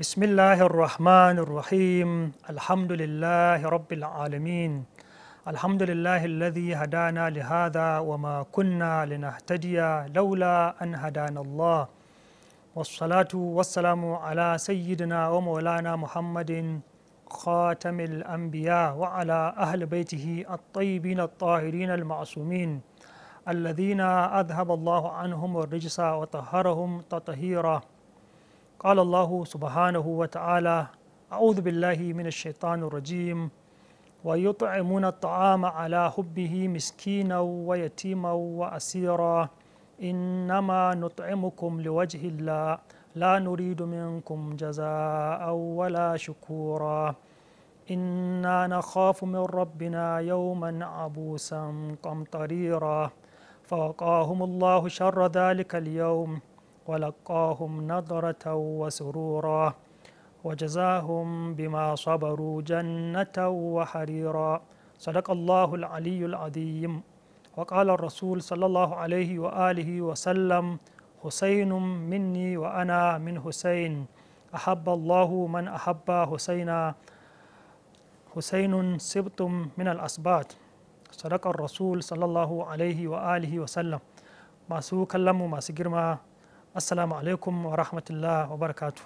بسم الله الرحمن الرحيم الحمد لله رب العالمين الحمد لله الذي هدانا لهذا وما كنا لنهتدي لولا أن هدانا الله والصلاة والسلام على سيدنا ومولانا محمد خاتم الأنبياء وعلى أهل بيته الطيبين الطاهرين المعصومين الذين أذهب الله عنهم الرجس وطهرهم تطهيرا قال الله سبحانه وتعالى أعوذ بالله من الشيطان الرجيم ويطعمون الطعام على حبه مسكينا ويتيما وأسيرا إنما نطعمكم لوجه الله لا نريد منكم جزاء ولا شكورا إنا نخاف من ربنا يوما عبوسا قمطريرا فوقاهم الله شر ذلك اليوم ولقاهم نضرة وسرورا وجزاهم بما صبروا جنة وحريرا صدق الله العلي العظيم وقال الرسول صلى الله عليه وآله وسلم حسين مني وأنا من حسين أحب الله من أحب حسينا حسين سبتم من الأسبات صدق الرسول صلى الله عليه وآله وسلم ما kallon mu masu assalamu alaikum wa rahmatullah wa barakatu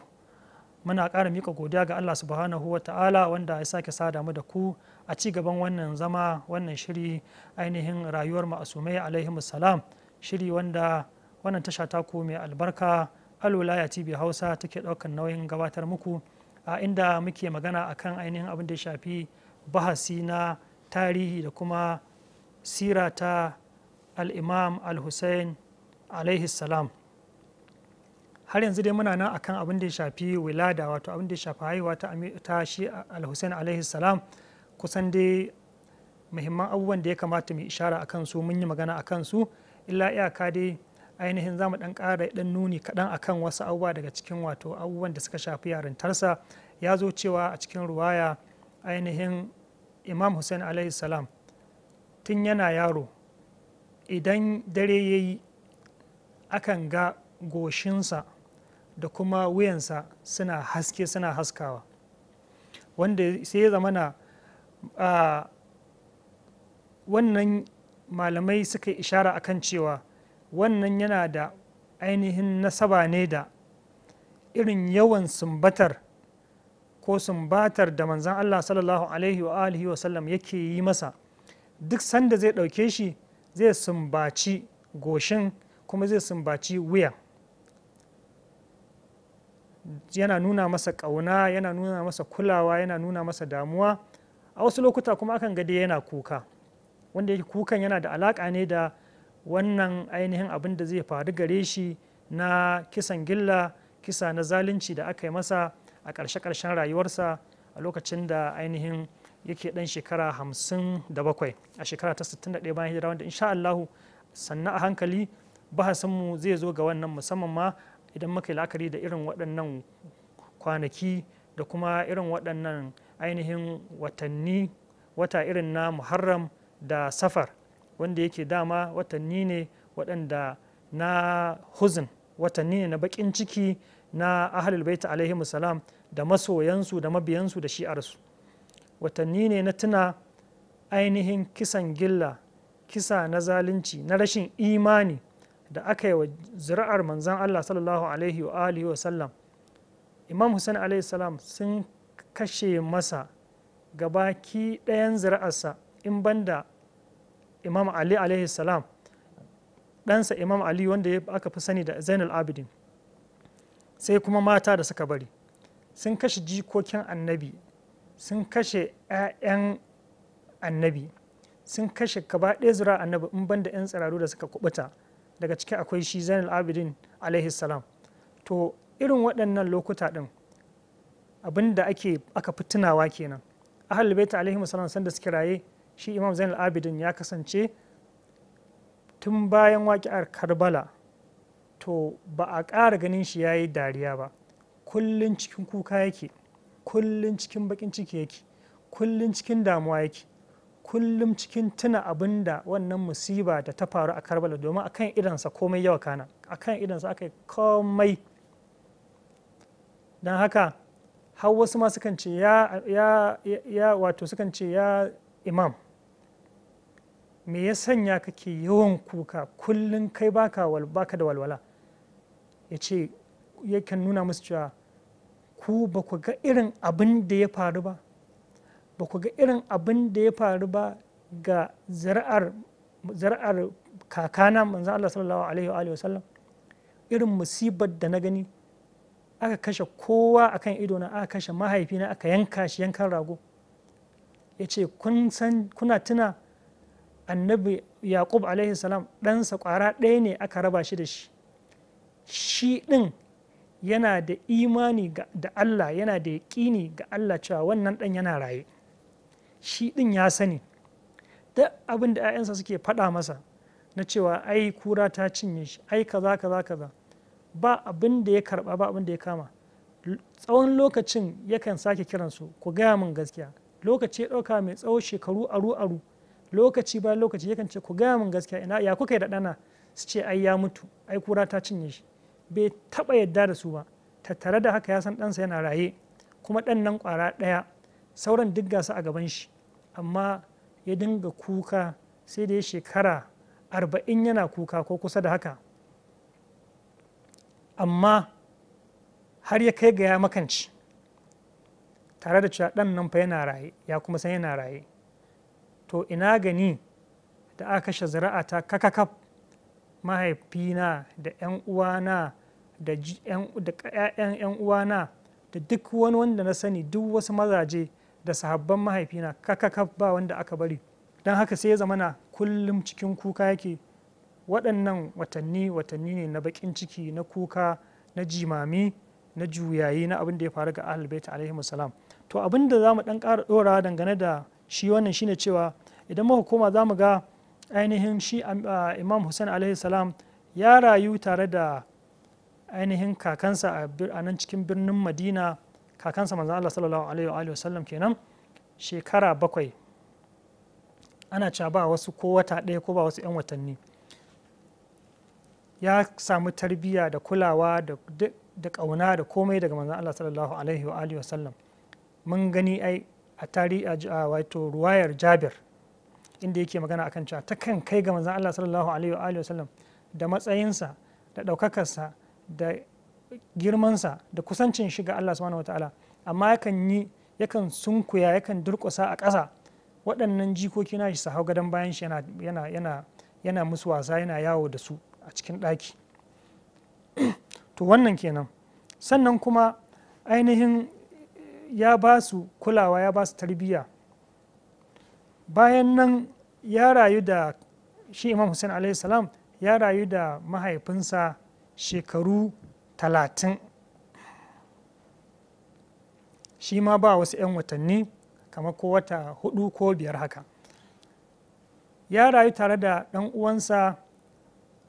muna ƙara mika godiya ga allah subhanahu wa ta'ala wanda ya sake sada mu da ku a ci gaban wannan zama wannan shiri ainihin rayuwar ma'asumai alaihimu salam shiri wanda wannan tasha ku mai albarka alwilaya tv hausa take ɗaukar nauyin gabatar muku a inda muke magana akan ainihin abin da ya shafi bahasi na tarihi da kuma sira ta al-imam al-hussein alaihi salam har yanzu dai muna nan akan abin da ya shafi wilada wato abin da ya shafi haihuwa ta shi alhussein alaihi salam kusan dai muhimman abubuwan da ya kamata mu ishara akan su mun yi magana akan su illa iyaka dai ainihin zamu dan ƙara dan nuni kaɗan akan wasu abubuwa daga cikin wato abubuwan da suka shafi yarintarsa ya zo cewa a cikin ruwaya ainihin imam hussein alaihi salam tun yana yaro idan dare ya yi akan ga goshinsa da kuma wuyansa suna haske suna haskawa wanda sai ya zamana wannan malamai suka yi ishara kan cewa wannan yana da ainihin nasaba ne da irin yawan sumbatar ko sumbatar da manzan Allah sallallahu alaihi wa alihi wa sallam yake yi masa duk sanda zai ɗauke shi zai sumbaci goshin kuma zai sumbaci wuyan yana nuna masa ƙauna yana nuna masa kulawa yana nuna masa damuwa a wasu lokuta kuma akan gade yana kuka wanda yake kukan yana da alaƙa ne da wannan ainihin abin da zai faru gare shi na kisan gilla kisa na zalunci da aka yi masa a ƙarshe-ƙarshen rayuwarsa a lokacin da ainihin yake ɗan shekara hamsin da bakwai a shekara ta sittin da ɗaya bayan hijira wanda insha Allahu sannan a hankali bahasinmu zai zo ga wannan musamman ma idan muka yi la'akari da irin waɗannan kwanaki da kuma irin waɗannan ainihin watanni wata irin na muharram da safar wanda yake dama watanni ne waɗanda na huzun watanni ne na baƙin ciki na ahalul baita alaihi salam da masoyansu da mabiyansu da shi'arsu watanni ne na tuna ainihin kisan gilla kisa na zalunci na rashin imani da aka yi wa zuri'ar manzan Allah sallallahu alaihi wa alihi wa sallam imam Hussein alaihi salam sun kashe masa gabaki ɗayan zuri'arsa in banda imam Ali alaihi salam ɗansa imam Ali wanda aka fi sani da Zainul Abidin sai kuma mata da suka bari sun kashe jikokin annabi sun kashe 'ya'yan annabi sun kashe gaba ɗaya zura annabi in banda 'yan tsiraru da suka kubuta daga ciki akwai shi zainal abidin alaihi salam to irin waɗannan lokuta ɗin abin da ake aka fi tunawa kenan ahal baita alaihi salam sanda suke raye shi imam zainal abidin ya kasance tun bayan waƙi'ar karbala to ba a ƙara ganin shi ya yi dariya ba kullum cikin kuka yake kullum cikin baƙin ciki yake kullum cikin damuwa yake kullum cikin tuna abinda wannan musiba da ta faru a karbala domin a kan idansa komai yawa kana kan idansa aka yi komai don haka har wasu ma sukan ce ya wato sukan ce ya imam me ya sanya kake yawan kuka kullum kai baka baka da walwala ya ce yakan nuna musu cewa ku ba ku ga irin abin da ya faru ba ba ku ga irin abin da ya faru ba ga zar'ar kakana manzo Allah sallallahu alaihi wa alihi wasallam irin musibar da na gani aka kashe kowa akan ido na aka kashe mahaifina aka yanka shi yankan rago ya ce kuna tuna annabi yaqub alaihi salam ɗansa ƙwara ɗaya ne aka raba shi da shi shi ɗin yana da imani da Allah yana da yaƙini ga Allah cewa wannan ɗan yana raye shi ɗin ya sani duk abin da 'ya'yansa suke faɗa masa na cewa ai kura ta cinye shi ai kaza kaza kaza ba abin da ya karba ba abin da ya kama tsawon lokacin yakan sake kiran su ku gaya min gaskiya lokaci ya ɗauka mai tsawo shekaru aru aru lokaci bayan lokaci yakan ce ku gaya min gaskiya ina ya kuka yi da ɗana su ce ai ya mutu ai kura ta cinye shi bai taɓa yadda da su ba tattare da haka ya san ɗansa yana raye kuma ɗan nan kwara ɗaya sauran duk gasa a gaban shi amma ya dinga kuka sai da ya shekara arba'in yana kuka ko kusa da haka amma har ya kai ga ya makanci tare da cewa ɗan nan fa yana raye ya kuma san yana raye to ina gani da aka kashe ta kakakaf mahaifina da 'yan uwana da 'ya'yan 'yan uwana da duk wani wanda na sani duk wasu mazaje da sahabban mahaifina kakakaf ba wanda aka bari don haka sai ya zama na kullum cikin kuka yake waɗannan watanni watanni ne na baƙin ciki na kuka na jimami na juyayi na abin da ya faru ga ahlul alaihi salam to abin da zamu ɗan ƙara ɗora dangane da shi wannan shine cewa idan muka koma zamu ga ainihin shi imam hussein alaihi salam ya rayu tare da ainihin kakansa a nan cikin birnin madina kakansa manzan Allah sallallahu alaihi wa sallam kenan shekara bakwai ana cewa ba wasu ko wata ɗaya ko ba wasu 'yan watanni ya samu tarbiyya da kulawa da ƙauna da komai daga manzan Allah sallallahu alaihi wa alihi wasallam mun gani ai a tarihi a wato ruwayar Jabir inda yake magana akan cewa ta kan kai ga manzan Allah sallallahu alaihi wa alihi wasallam da matsayinsa da ɗaukakarsa da girmansa da kusancin shi ga Allah subhanahu wataala amma yakan yi yakan sunkuya yakan durƙusa a ƙasa waɗannan jikoki na shi su hau gadon bayan shi yana yana yana musu wasa yana yawo da su a cikin ɗaki to wannan kenan sannan kuma ainihin ya ba su kulawa ya ba su tarbiyya bayan nan ya rayu da shi imam hussein alaihi salam ya rayu da mahaifinsa shekaru talatin shi ma ba wasu 'yan watanni kamar ko wata hudu ko biyar haka ya rayu tare da ɗan uwansa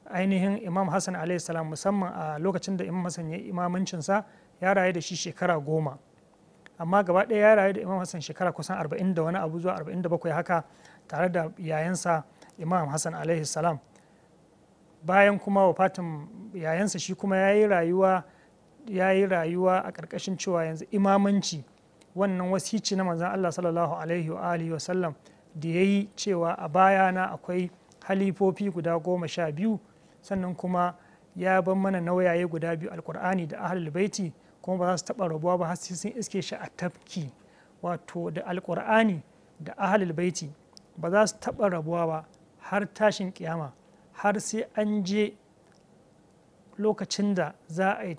ainihin imam hassan salam musamman a lokacin da imam hassan ya imamancinsa ya rayu da shi shekara goma amma gaba ɗaya ya rayu da imam hassan shekara kusan arba'in da wani abu zuwa arba'in haka tare da yayansa imam hassan salam bayan kuma wa fatan yayansa shi kuma ya yi rayuwa ya yi rayuwa a ƙarƙashin cewa yanzu imamanci wannan wasici na manzan Allah sallallahu alaihi wa alihi wa sallam da ya yi cewa a bayana akwai halifofi guda goma sha biyu sannan kuma ya ban mana nauyaye guda biyu alkur'ani da ahlul baiti kuma ba za su taɓa rabuwa ba har sun iske shi a tafki wato da alkur'ani da ahlul baiti ba za su taɓa rabuwa ba har tashin kiyama har sai an je lokacin da za a yi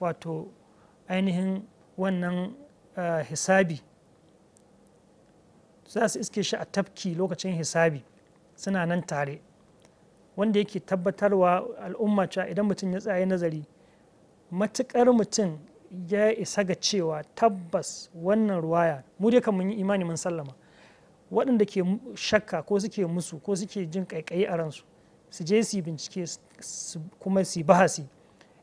wato ainihin wannan eh, hisabi za su iske shi a tafki lokacin hisabi suna nan tare wanda yake tabbatarwa al'umma cewa idan mutum ya tsaye nazari matukar mutum ya isa ga cewa tabbas wannan ruwaya mu dai yi imani mun sallama waɗanda ke shakka ko suke musu ko suke jin ƙaiƙayi a ransu su je su bincike kuma su bahasi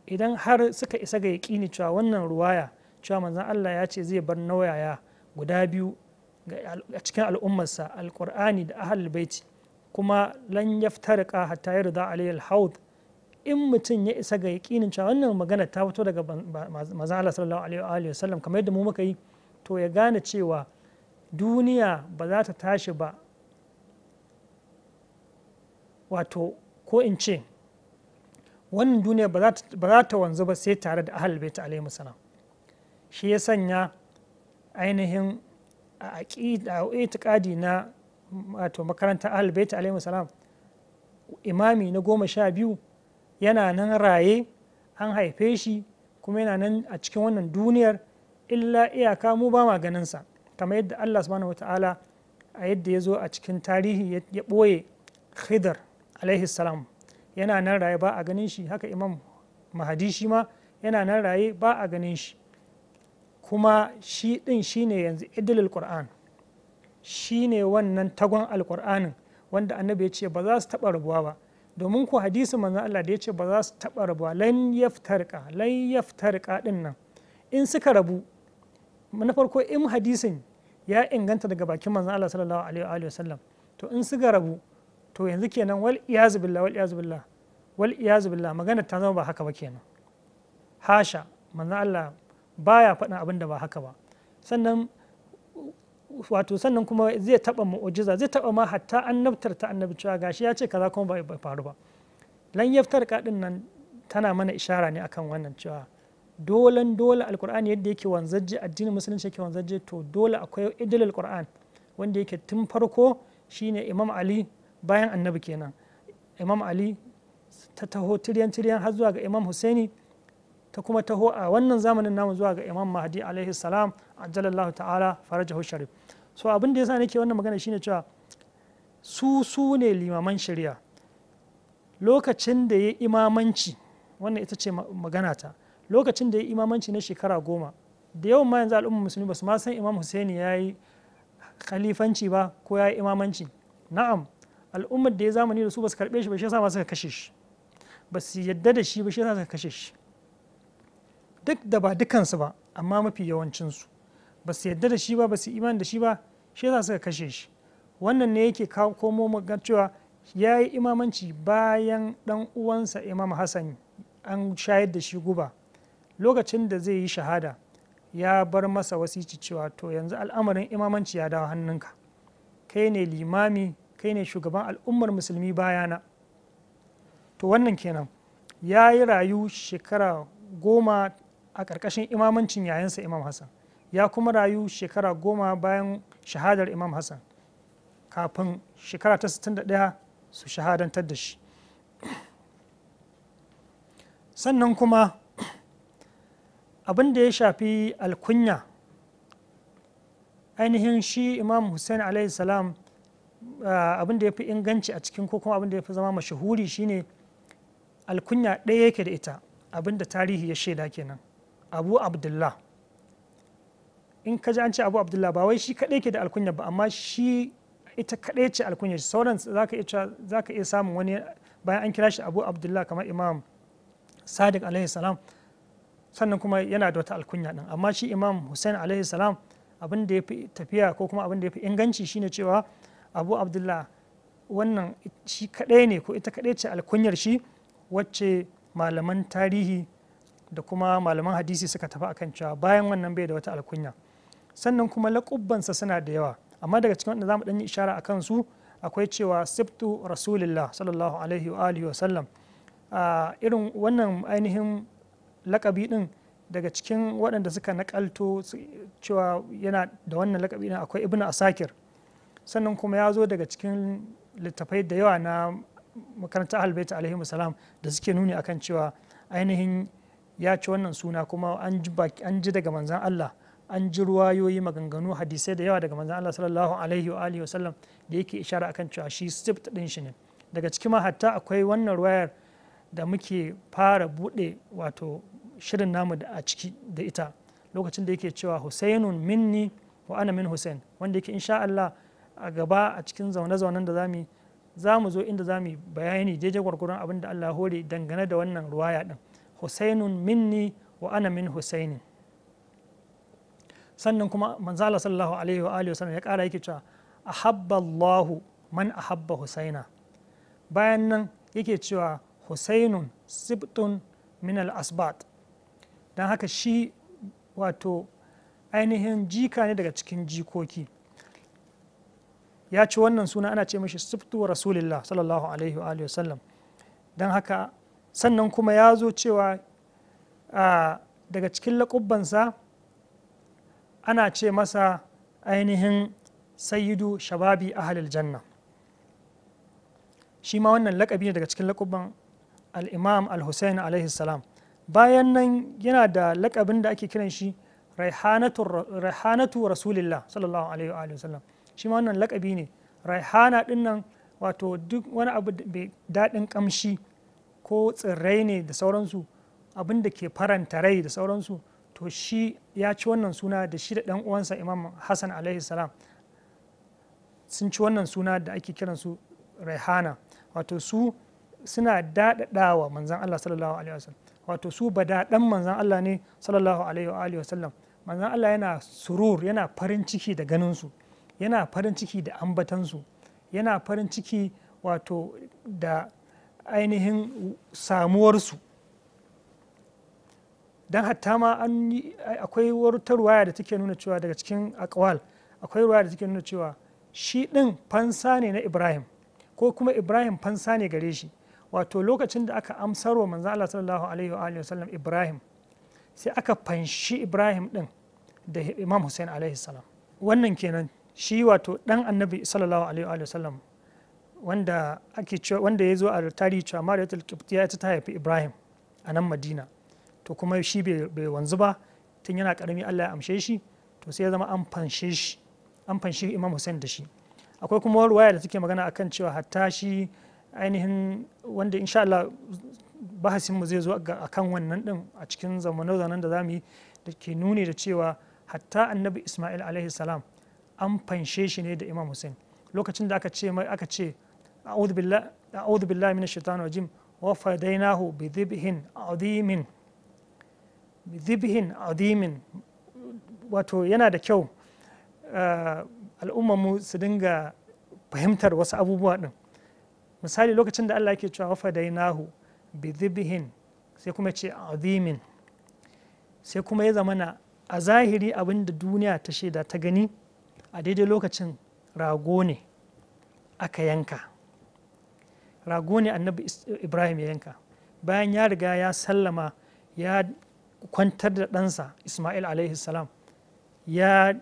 idan har suka isa ga yaƙini cewa wannan ruwaya cewa manzan Allah ya ce zai bar nauyaya guda biyu a cikin al'ummarsa alƙur'ani da ahlul baiti kuma lan yaftarqa hatta yarda alayhi al-haud in mutum ya isa ga yaƙinin cewa wannan magana ta fito daga manzon Allah sallallahu alaihi wa sallam kamar yadda mu muka yi to ya gane cewa duniya ba za ta tashi ba wato ko in ce wannan duniya ba za ta wanzu ba sai tare da ahal baita alaihi salam shi ya sanya ainihin a itiƙadi na wato makarantar ahal baita alaihi salam imami na goma sha biyu yana nan raye an haife shi kuma yana nan a cikin wannan duniyar illa iyaka mu ba ma ganinsa kamar yadda allah subhanahu wa ta'ala a yadda ya zo a cikin tarihi ya ɓoye khidar alaihi salam yana nan raye ba a ganin shi haka imam mahadi shi ma yana nan raye ba a ganin shi kuma shi ɗin shi ne yanzu idilil qur'an shi ne wannan tagon alƙur'anin wanda annabi ya ce ba za su taɓa rabuwa ba domin ku hadisi manzon Allah da ya ce ba za su taɓa rabuwa lan yaftarqa lan yaftarqa ɗin nan in suka rabu na farko in hadisin ya inganta daga bakin manzon Allah sallallahu alaihi wa sallam to in suka rabu to yanzu kenan wal iyazu billah wal iyazu billah wal iyazu billah magana ta zama ba haka ba kenan hasha manzo Allah baya faɗin abin da ba haka ba sannan wato sannan kuma zai taɓa mu'ujiza zai taɓa ma hatta annabtar ta annabi cewa gashi ya ce kaza kuma bai faru ba lan yaftar kaɗin nan tana mana ishara ne akan wannan cewa dolan dole alkur'ani yadda yake wanzaje addinin musulunci yake wanzaje to dole akwai idil alkur'an wanda yake tun farko shine imam ali bayan annabi kenan imam ali ta taho tiryan tiryan har zuwa ga imam husaini ta kuma taho a wannan zamanin namu zuwa ga imam mahdi alaihi salam ajalallahu ta'ala farajahu sharif so abin da yasa nake wannan magana shine cewa su su ne limaman shari'a lokacin da ya imamanci wannan ita ce magana ta lokacin da ya imamanci na shekara goma da yawan ma yanzu al'ummar musulmi ba su ma san imam husaini ya yi khalifanci ba ko ya yi imamanci na'am al'ummar da ya zamani da su ba su karɓe shi ba shi yasa ma suka kashe shi ba su yadda da shi ba shi yasa suka kashe shi duk da ba dukansu ba amma mafi yawancinsu ba su yadda da shi ba ba su iman da shi ba shi yasa suka kashe shi wannan ne yake komo ga cewa ya yi imamanci bayan ɗan uwansa imam hassan an shayar da shi guba lokacin da zai yi shahada ya bar masa wasici cewa to yanzu al'amarin imamanci ya dawo hannunka kai ne limami kai ne shugaban al'ummar musulmi bayana to wannan kenan ya yi rayu shekara goma a ƙarƙashin imamancin yayansa imam hassan ya kuma rayu shekara goma bayan shahadar imam hassan kafin shekara ta 61 su shahadantar da shi sannan kuma abin da ya shafi alkunya ainihin shi imam hussein salam Ah, abin da ya fi inganci a cikin ko kuma abin da ya fi zama mashahuri shine alkunya ɗaya yake da ita abin da tarihi ya shaida kenan abu abdullah in ka ji an ce abu abdullah ba wai shi kaɗai ke da alkunya ba amma shi ita kaɗai ce alkunya sauran za ka iya samun wani bayan an kira shi abu abdullah kamar imam sadiq alaihi salam sannan kuma yana da wata alkunya ɗin amma shi imam hussein alaihi salam abin da ya fi tafiya ko kuma abin da ya fi inganci shine cewa abu abdullah wannan shi kaɗai ne ko ita kaɗai ce alkunyar shi wacce malaman tarihi da kuma malaman hadisi suka tafi akan cewa bayan wannan bai da wata alkunya sannan kuma laƙubbansa suna da yawa amma daga cikin wanda za mu yi ishara a kansu akwai cewa siftu rasulillah sallallahu alaihi wa alihi wa sallam irin wannan ainihin lakabi din daga cikin waɗanda suka nakalto cewa yana da wannan lakabi din akwai ibnu asakir sannan kuma ya zo daga cikin littafai da yawa na makarantar ahalbaita alaihi salam da suke nuni akan cewa ainihin ya ci wannan suna kuma an ji daga manzan Allah an ji ruwayoyi maganganu hadisai da yawa daga manzan Allah sallallahu alaihi wa alihi wasallam da yake ishara akan cewa shi sift din shi ne daga cikin ma hatta akwai wannan ruwayar da muke fara bude wato shirin namu da a ciki da ita lokacin da yake cewa Husainun minni wa ana min husain wanda yake insha Allah a gaba a cikin zaune-zaunen da zamu za mu zo inda za mu bayani daidai gwargwaron abin da Allah hore dangane da wannan ruwaya din husainun minni wa ana min husainin sannan kuma manzala sallallahu alaihi wa alihi wasallam ya kara yake cewa ahabba Allahu man ahabba husaina bayan nan yake cewa husainun sibtun min al asbat dan haka shi wato ainihin jika ne daga cikin jikoki ya ci wannan suna ana ce mishi siftu rasulillah sallallahu alaihi wa alihi wasallam don haka sannan kuma ya zo cewa daga cikin laƙubbansa ana ce masa ainihin sayyidu shababi ahalil janna shi ma wannan laƙabi ne daga cikin laƙubban al-imam al-husayn alaihi salam bayan nan yana da laƙabin da ake kiran shi raihanatu rasulillah sallallahu alaihi wa sallam shi ma wannan lakabi ne raihana din nan wato duk wani abu da daɗin ƙamshi ko tsirrai ne da sauransu abin da ke faranta rai da sauransu to shi ya ci wannan suna da shi da ɗan uwansa imam hassan alaihi salam sun ci wannan suna da ake kiransu raihana wato su suna daɗaɗawa manzan allah sallallahu alaihi wasallam wato su ba daɗan manzan allah ne sallallahu alaihi wasallam manzan allah yana surur yana farin ciki da ganinsu yana farin ciki da ambatansu yana farin ciki wato da ainihin samuwarsu don hatta ma akwai wata ruwaya da take nuna cewa daga cikin akwal akwai ruwaya da take nuna cewa shi ɗin fansa ne na ibrahim ko kuma ibrahim fansa ne gare shi wato lokacin da aka amsarwa manzo Allah sallallahu alaihi wa sallam ibrahim sai aka fanshi ibrahim ɗin da imam hussein alaihi salam wannan kenan shi wato dan annabi sallallahu alaihi wa sallam wanda ake wanda ya zo a tarihi cewa mariyatul kibtiya ta haifi ibrahim a nan madina to kuma shi bai wanzu ba tun yana karami allah ya amshe shi to sai ya zama an fanshe shi an fanshi imam hussein da shi akwai kuma ruwaya da take magana akan cewa hatta shi ainihin wanda insha allah bahasin mu zai zo akan wannan din a cikin zamanin zanen da zamu yi da ke nuni da cewa hatta annabi isma'il alaihi salam an fanshe shi ne da imam hussein lokacin da aka ce mai aka ce a'udhu billahi minash shaitanir rajim wa fadainahu bi dhibhin adimin bi dhibhin adimin wato yana da kyau eh, al'ummar mu su dinga fahimtar wasu abubuwa din misali lokacin da Allah yake cewa wa fadainahu bi dhibhin sai kuma ce adimin sai kuma ya zamana a zahiri abin da duniya ta shaida ta gani a daidai lokacin rago ne aka yanka rago ne annabi ibrahim ya yanka bayan ya riga ya sallama ya kwantar da ɗansa ismail alaihi salam ya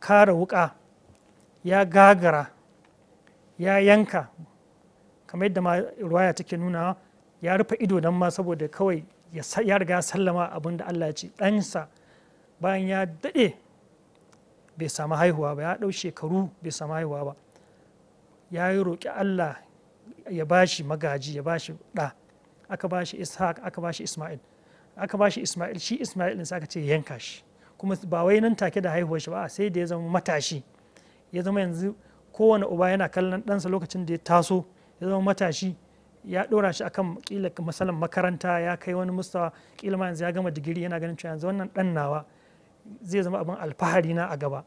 kara wuƙa ya gagara ya yanka kamar yadda ma ruwaya take nuna ya rufe ido don ma saboda kawai ya riga ya sallama abin da allah ya ce ɗansa bayan ya daɗe bai samu haihuwa ba ya ɗau shekaru bai samu haihuwa ba ya yi roƙi allah ya bashi magaji ya bashi ɗa aka bashi ishaq aka shi isma'il aka bashi isma'il shi isma'il ɗin aka ce yanka shi kuma ba wai nan take da haihuwar shi ba sai da ya zama matashi ya zama yanzu kowane uba yana kallon ɗansa lokacin da ya taso ya zama matashi ya ɗora shi akan kila masalan makaranta ya kai wani mustawa kila ma yanzu ya gama digiri yana ganin cewa yanzu wannan ɗan nawa zai zama abin alfahari na a gaba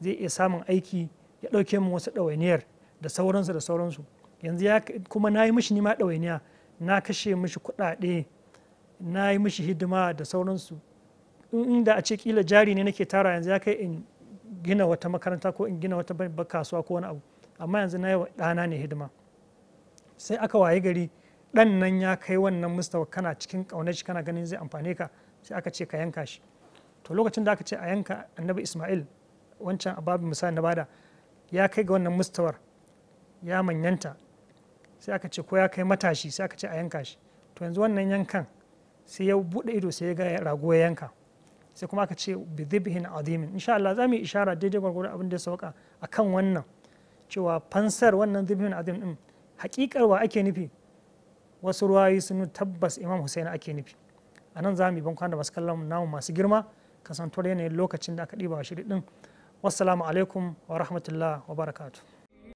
zai iya samun aiki ya ɗauke min wasu ɗawainiyar da sauransu da sauransu yanzu ya kuma na yi mishi nima ɗawainiya na kashe mishi kuɗaɗe na yi mishi hidima da sauransu inda a ce kila jari ne nake tara yanzu ya kai in gina wata makaranta ko in gina wata kasuwa ko wani abu amma yanzu na yi wa ɗana ne hidima sai aka waye gari ɗan nan ya kai wannan mustawa kana cikin ƙaunar shi kana ganin zai amfane ka sai aka ce ka yanka shi to lokacin da aka ce a yanka annabi ismail wancan babin misali na bada ya kai ga wannan mustawar ya manyanta sai aka ce ko ya kai matashi sai aka ce a yanka shi to yanzu wannan yankan sai ya buɗe ido sai ya ga rago ya yanka sai kuma aka ce bi azimin insha Allah za mu yi ishara daidai gwargwaro abin da ya sauka akan wannan cewa fansar wannan dhibhin azim din hakikar wa ake nufi wasu ruwayi sun tabbas Imam Hussein ake nufi anan za mu yi bankwana da masu kallon namu masu girma kasantuwar yanayin lokacin da aka ɗiba shiri ɗin wassalamu alaikum wa rahmatullah wa barakatu.